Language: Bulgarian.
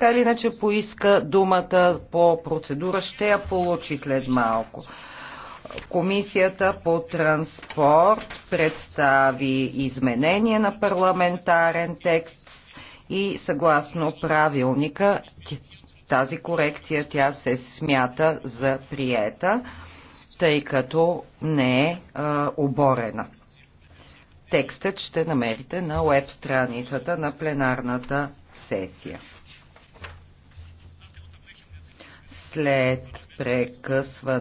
така или иначе поиска думата по процедура, ще я получи след малко. Комисията по транспорт представи изменение на парламентарен текст и съгласно правилника тази корекция тя се смята за приета, тъй като не е а, оборена. Текстът ще намерите на веб страницата на пленарната сесия. след прекъсване.